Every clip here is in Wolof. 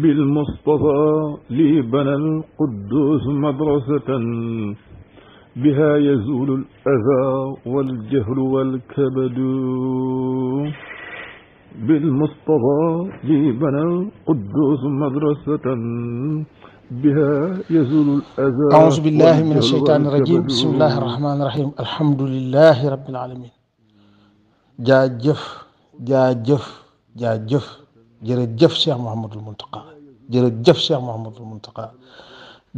بالمصطفى لي بنى القدوس مدرسة بها يزول الأذى والجهل والكبد بالمصطفى لي بنى القدوس مدرسة بها يزول الأذى أعوذ بالله من الشيطان الرجيم بسم الله الرحمن الرحيم الحمد لله رب العالمين جاجف جاجف جاجف jërëjëf Cheikh Mouhamadul Mountakha jërëjëf Cheikh Mouhamadul Mountakha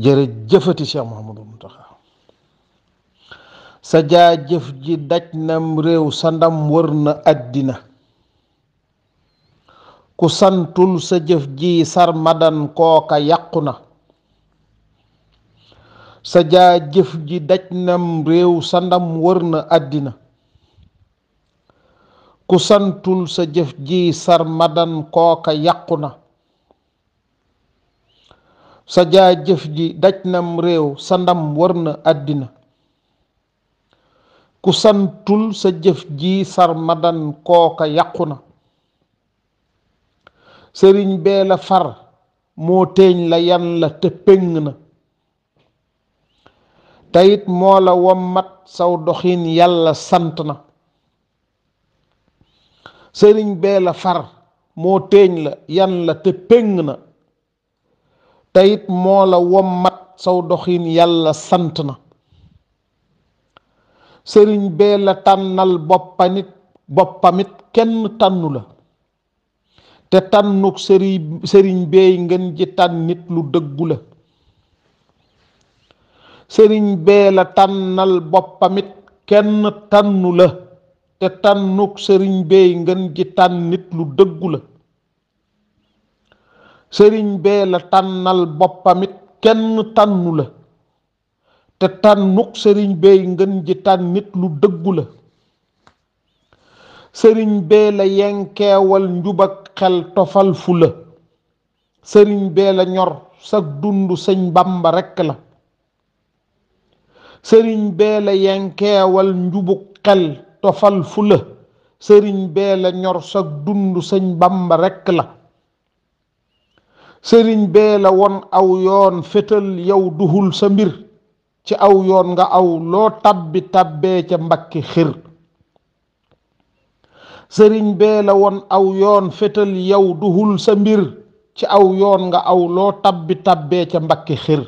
jërëjëfati Cheikh Mouhamadul Mountakha sa jaajëf ji daj nam réew sa ndam wër na àddina ku santul sa jëf ji sarmadan kooka yàqu na sa jaajëf ji daj nam réew sa ndam wër na àddina ku santul sa jëf ji sarmadan kooka yàqu na sa jaa jëf ji daj nam réew sa ndam wër na àddina ku santul sa jëf sar sarmadan kooka yàqu na sëriñ bee la far moo teeñ la yan la te péng na teyit moo la wommat saw doxin yàlla sant na sëriñ bee la far moo teeñ la yan la te péng na te it moo la wommat saw doxin yàlla sant na sëriñ bee la tànnal boppamit boppamit kenn tànnu la te tànnuk sëriñ sëriñ beey ngeen ji tànnit lu dëggu la sëriñ bee la tànnal boppamit kenn tànnu la te tànnuk sëriñ beey ngeen ji tànn lu dëggu la sëriñ bee la tànnal boppamit kenn tànnu la te tànnuk sëriñ beey ngeen ji tànn lu dëggu la sëriñ bee la yenkeewal njub xel tofal fu la sëriñ bee la ñor sag dund sëñ bàmba rekk la sëriñ bee la yenkeewal njubuk xel tofal fu sëriñ bee la ñor sa dund sëñ bamba rekk la sëriñ bee la won aw yoon fétal yow duhul sa mbir ci aw yoon nga aw loo tabbi tabbee ca mbakki xir sëriñ bee la won aw yoon fétal yow duhul sa mbir ci aw yoon nga aw loo ca mbakki xir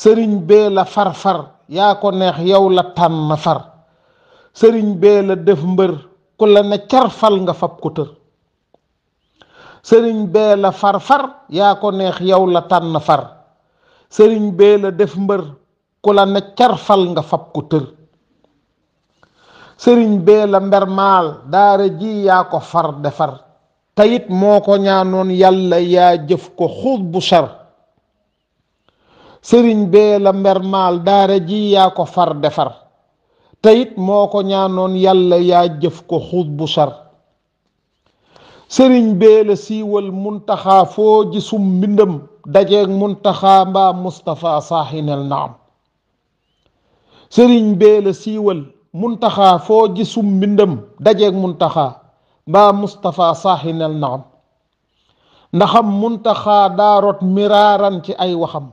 sëriñ bee la far far yaa ko neex yow la tànn far sëriñ bee la def mbër ku la ne carfal nga fab ko tër sëriñ bee la far far yaa ko neex yow la tànn far sëriñ bee la def mbër ku la ne carfal nga fab ko tër sëriñ bee la mber maal daara ji yaa ko far defar tayit moo ko ñaanoon yàlla yaa jëf ko xuut bu sar sëriñ bee la mber maal daara ji yaa ko far defar teyit moo ko ñaanoon yàlla yaa jëf ko xuut bu sar sëriñ bee la siiwal muntaxaa foo gisum mbindam dajeeg muntaxaa mbaa mustapha saaxinel naam sëriñ bee la siiwal muntaxaa ndaxam muntaxaa daarot miraaran ci ay waxam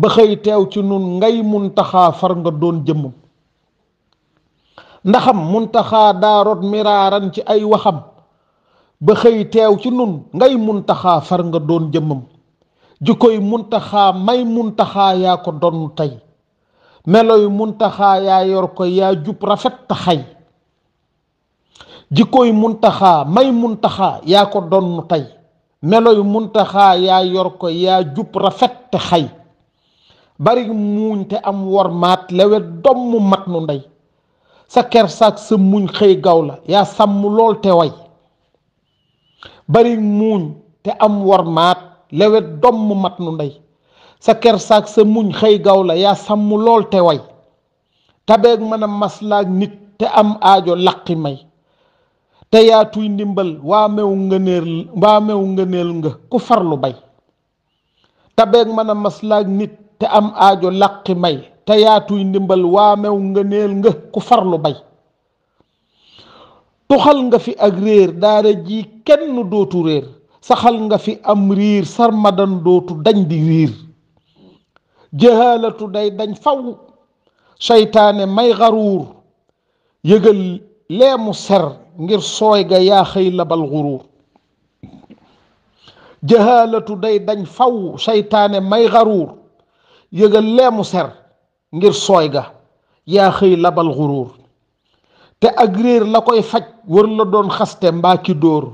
ba xëy teew ci nun ngay muntaxaa far nga doon jëmmam ndaxam muntaxaa daaroot miraaran ci ay waxam ba xëy teew ci nun ngay muntaxaa far nga doon jëmmam jikkoy muntaxaa may muntaxaa yaa ko donn tey meloy muntaxaa yaa yor ko yaa jub rafet may muntaxaa yaa ko donn tey meloy muntaxaa yaa yor ko yaa jub rafet te xay bari muuñ te am wormaat lewet domm mat nu ndey sa kersaak sa muñ xëy gaw la yaa sàmm lool te way bari muuñ te am war maat lewet domm mat lu ndey sa kersaak sa muñ xëy gaw la yaa sàmm lool te way tabeeg mën a maslaak nit te am aajo laqi may te yaatuy ndimbal waa mew ngëneel waa mew ngëneel nga ku farlu bay tabeeg mën a maslaak nit te am aajo laqi may te ndimbal waa mew nga neel nga ku farlu bay tuxal nga fi ak réer daara ji kenn dootu réer saxal nga fi am riir sarmadan dootu dañ di riir jëhaalatu day dañ faw seytaane may xaruur yëgal leemu ser ngir sooy ga yaa xëy labal xuruur jëhaalatu day dañ faw seytaane may xaruur yëgal leemu ser ngir sooy ga yaa xëy labal xuruur te ak réer la koy faj wër la doon xaste mbaa ki dóor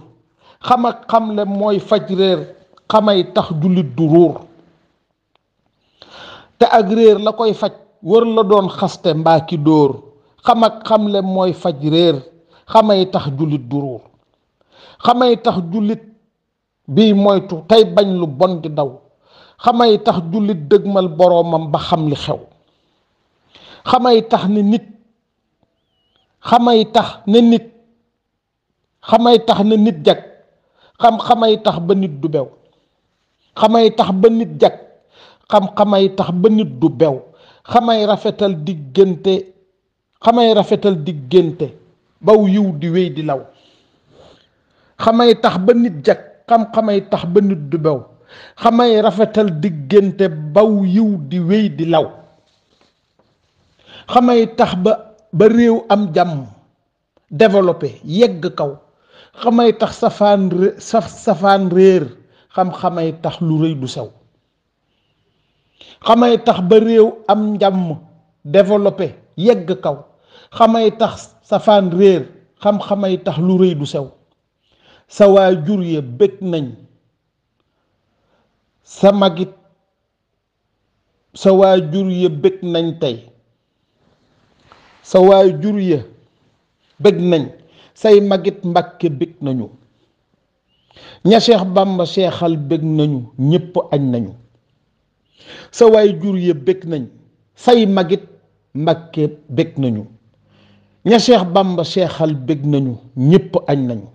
xam ak mooy faj réer xamay tax jullit du ruur te ak réer koy faj wër doon xaste mbaa ki dóor xam mooy faj réer xamay tax jullit xamay tax jullit bii moytu tey bañ lu bon di daw xamay tax jullit dëgmal boroomam ba xam li xew xamay tax ne nit xamay tax ne nit xamay tax ne nit jag xam-xamay tax ba nit du bew xamay tax ba nit jag xam-xamay tax ba nit du bew xamay rafetal diggante xamay rafetal diggante baw yiw di wéy di law xamay tax ba nit jag xam-xamay tax ba nit du bew xamay rafetal diggante baw yiw di wéy di law xamay tax ba ba réew am jàmm développé yegg kaw xamay tax safaan réer xam-xamay tax lu rëy du sew xamay tax ba réew am njàmm développé yegg kaw xamay tax safaan réer xam lu rëy du sew sa waajur ya bëgg nañ sa magit sa waajur ya bëgg nañ tey sa waay jur ya bëgg nañ say magit mbàkke bëgg nañu ña Cheikh Bamba seexal bëgg nañu ñépp añ nañu sa waay jur ya bëgg nañ say magit mbàkke bëgg nañu ña Cheikh Bamba seexal bëgg nañu ñépp añ nañu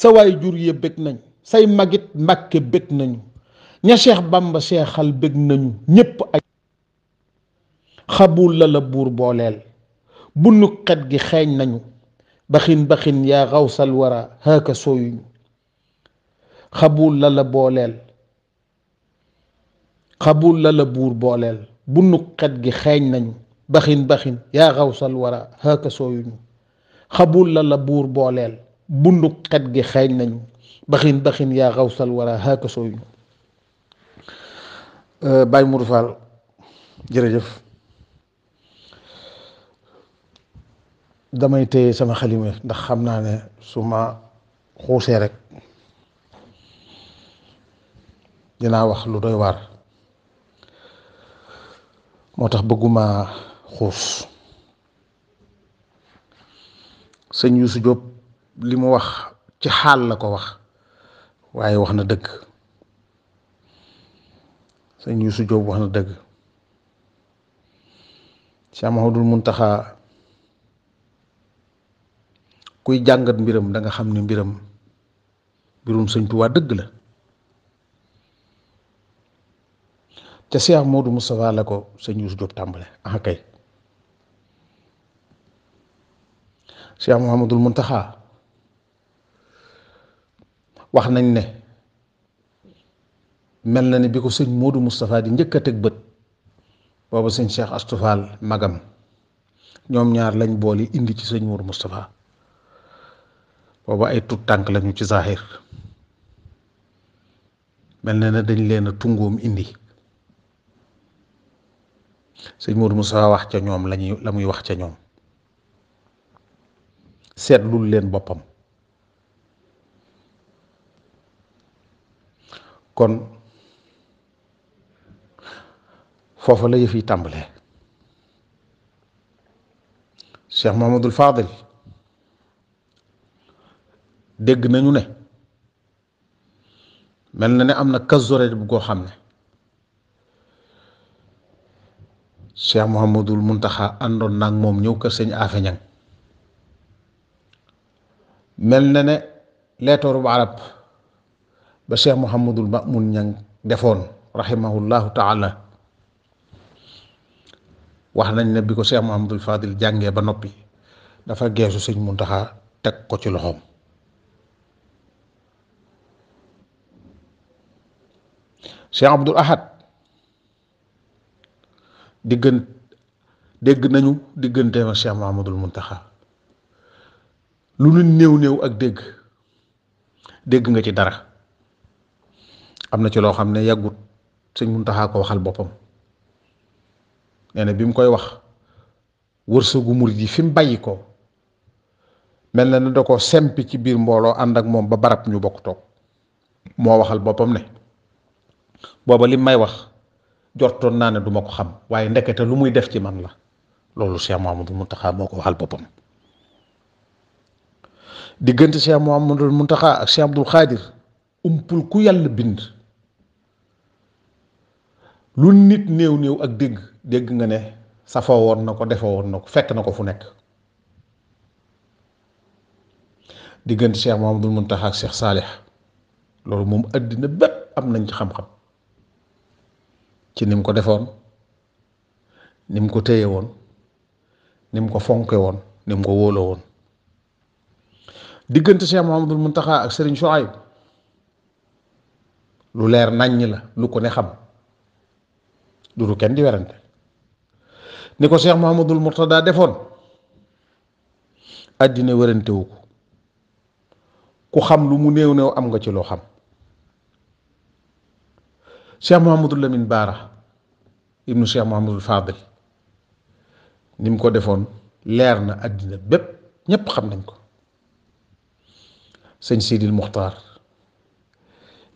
sa waay jur ya bëgg nañ say magit mbàkke bëgg nañu ña Cheikh Bamba seexal bëgg nañu ñépp añ xabul la la buur booleel bunu xet gi xeeñ nañu baxin baxin yaa xawsal wara haaka sooyuñu xabul la la buur booleel bunu xet gi xeeñ nañu baxin baxin yaa xawsal wara haaka sooyuñu xabul la la buur booleel bunu gi xeeñ nañu baxin baxin yaa xawsal wara haaka sooyuñu jërëjëf damay téye sama xalima ndax xam naa ne su ma xuusee rek dinaa wax lu doy waar moo tax bëgguma xuus sëñ Yuusu Jóob li mu wax ci xaal la ko wax waaye wax na dëgg sëñ Yuusu Jóob wax na dëgg Cheikh Mahamadul Muntaxa kuy jàngat mbiram danga xam ne mbiram mbirum sëñ Tuubaa dëgg la ca Cheikh moodu Moustapha la ko sëñ Youssou Diop tàmbale ah kay Cheikh Mouhamadul Mountakha wax nañ ne mel na ne bi ko sëñ moodu mustafaa di njëkk a teg bët booba sëñ Cheikh Astoufal magam ñoom ñaar lañ boole indi ci sëñ Modou Moustapha booba ay tut tànk lañu ci zahir mel na ne dañ leen a tungoom indi sëñ Modou Moussa wax ca ñoom lañuy la muy wax ca ñoom seetlul leen boppam kon foofa la yëf yi tàmbalee Cheikh Mahamadul dégg nañu ne mel na ne am na kazzore bu koo xam ne Cheikh Mouhamadul Muntaxa àndoon naag moom ñëw kër sëñ Afe Ñang mel na ne leetooru bu arab ba Cheikh Mouhamadul Mamun Ñang defoon rahimahullahu taala wax nañ ne bi ko Cheikh Mouhamadul Fadil jàngee ba noppi dafa geesu sëñ Muntaxa teg ko ci loxoom Cheikh Abdoul Ahad diggan dégg nañu digganteem ak Cheikh Mahamadul Muntaxa lu nu néew néew ak dégg dégg nga ci dara am na ci loo xam ne yàggut sëñ Muntaxa ko waxal boppam nee na bi mu koy wax wërsëgu murit yi fi mu bàyyi ko mel na ne da ko sempi ci biir mbooloo ànd ak moom ba barab ñu bokk toog moo waxal boppam ne booba li may wax jortoon naa ne du ma ko xam waaye ndekete lu muy def ci man la loolu Cheikh Mouhamadul Mountakha moo ko waxal boppam diggante Cheikh Mouhamadul Mountakha ak Cheikh Abdoul Khadir ku yàlla bind lu nit néew néew ak dégg dégg nga ne safoo woon na ko defoo woon na ko fekk na ko fu nekk diggante Cheikh Mouhamadul Mountakha ak Cheikh loolu moom àddina bépp am nañ ci xam-xam ci ni ko defoon ni ko téye woon ni ko fonke woon ni ko wóolo woon diggante Cheikh Mouhamadul Muntaxa ak Serigne Souhaïb lu leer naññ la lu ko ne xam du du kenn di werante ni ko Cheikh Mouhamadul Mourtada defoon àddina wérantewu ko ku xam lu mu néew néew am nga ci loo xam Cheikh Mouhamadul Lamine Baara ibnu Cheikh Mouhamadul Fadil ni mu ko defoon leer na àddina bépp ñépp xam nañ ko sëñ Sidil Muxtaar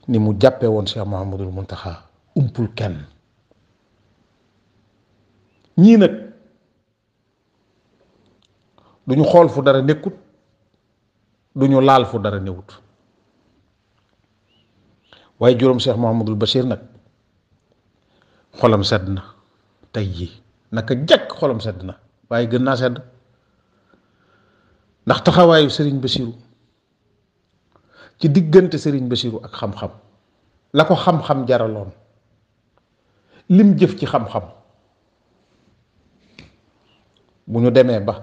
ni mu jàppee woon Cheikh Mouhamadul Muntaxa umpul kenn ñii nag duñu xool fu dara nekkut duñu laal fu dara newut waaye juróom Cheikh Mouhamadul Bachir nag xolam sedd na tey jii naka jekk xolam sedd na waaye gën naa sedd ndax taxawaayu sëriñ Basiru ci diggante sëriñ Basiru ak xam-xam la ko xam-xam jaraloon lim jëf ci xam-xam bu ñu demee ba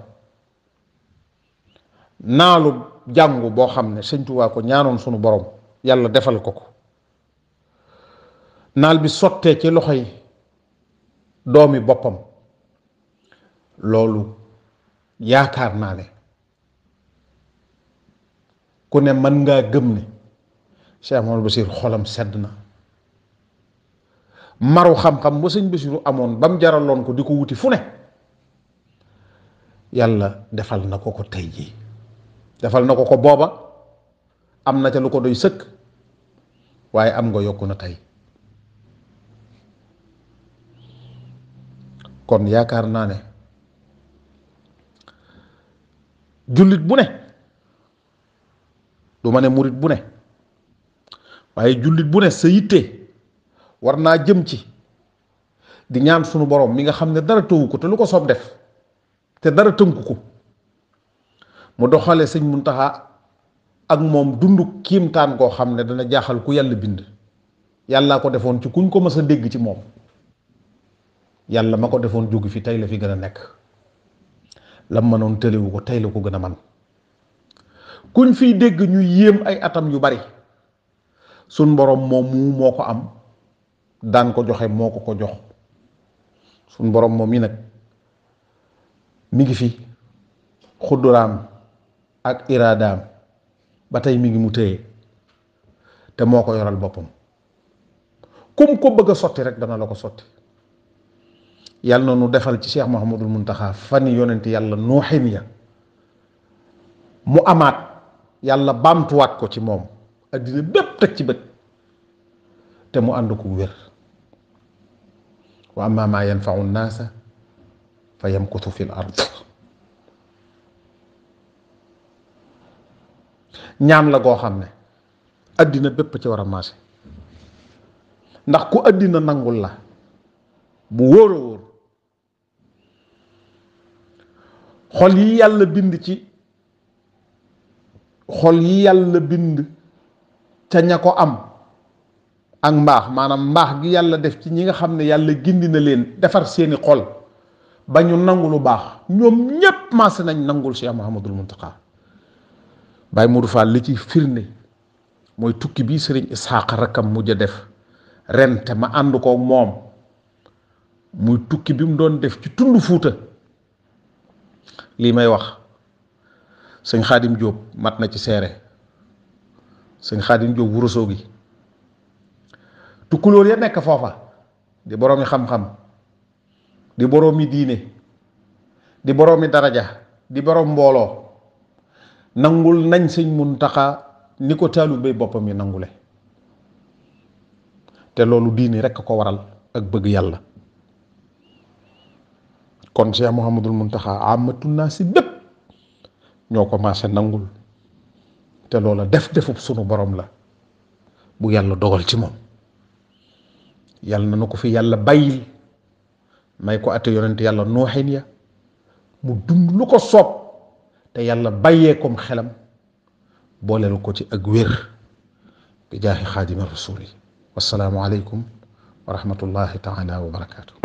naalu jàngu boo xam ne sëñ ko ñaanoon sunu borom yàlla defal ko ko naal bi sottee ci loxo yi doomi boppam loolu yaakaar naa ne ku ne mën ngaa gëm ne Cheikh Mouhamadou Bachir xolam sedd na maru xam-xam ba sëñ Basiru amoon ba mu jaraloon ko di ko wuti fu ne yàlla defal na ko ko tey jii defal na ko ko booba am na ca lu ko doy sëkk waaye am nga yokku na tey kon yaakaar naa ne jullit bu ne du ma ne murit bu ne waaye jullit bu ne sa yitte war naa jëm ci di ñaan sunu borom mi nga xam ne dara tëwu ko te lu ko soob def te dara tënku ko mu doxale sëñ Muntaxa ak moom dundu kiimtaan koo xam ne dana jaaxal ku yàlla bind yàllaa ko defoon ci kuñ ko mës a dégg ci moom yàlla ma ko defoon jóg fi tey la fi gën a nekk lam mënoon tëliwu ko tey la ko gën a man kuñ fii dégg ñu yéem ay atam yu bari suñ borom moom mu moo ko am daan ko joxe moo ko ko jox suñ borom moom yi nag mi ngi fi xudduraam ak iraadaam ba tey mi ngi mu téye te moo ko yoral boppam kum ko bëgg a sotti rek dana la ko sotti yàlla na nu defal ci dul mun taxaa fan yonent yàlla nooxin ya mu amaat yàlla baamtuwaat ko ci moom addina bépp ci bët te mu ànd ko wér wa amma maa yanfau fa yamkutu fi l ard ñaan la goo xam ne àddina bépp ci war a maase ndax ku àddina nangul la bu wóoroo xol yi yàlla bind ci xol yi yàlla bind ca ña ko am ak mbaax maanaam mbaax gi yàlla def ci ñi nga xam ne yàlla gindi na leen defar seeni xol ba ñu nangu lu baax ñoom ñépp maase nañ nangul si Mouhamadul Mountakha Baye Modou Fall li ci firnde mooy tukki bi sëriñ Isxaaq rakkam mujj a def ren ma ànd ko moom muy tukki bi mu doon def ci tund Fuuta lii may wax sëñ xaadim jóob mat na ci seere sëñ xaadim jóob wurusoo gi tukkulóor ya nekk foofa di boroomi xam-xam di boroomi diine di boroomi daraja di boroom mbooloo nangul nañ sëñ taxa ni ko bay boppam yi nangule te loolu diine rekk a ko waral ak bëgg yàlla kon Cheikh Mouhamadul Mountakha amatul naa si bépp ñoo ko maase nangul te loola def defub sunu borom la bu yàlla dogal ci moom yàlla na nu ko fi yàlla bàyyil may ko atte yonent yàlla nooxin ya mu dund lu ko soob te yàlla bàyyee kom xelam booleel ko ci ak wér bi jaaxi xaadima rasuli wasalaamu aleykum wa rahmatullahi taala wa barakaatu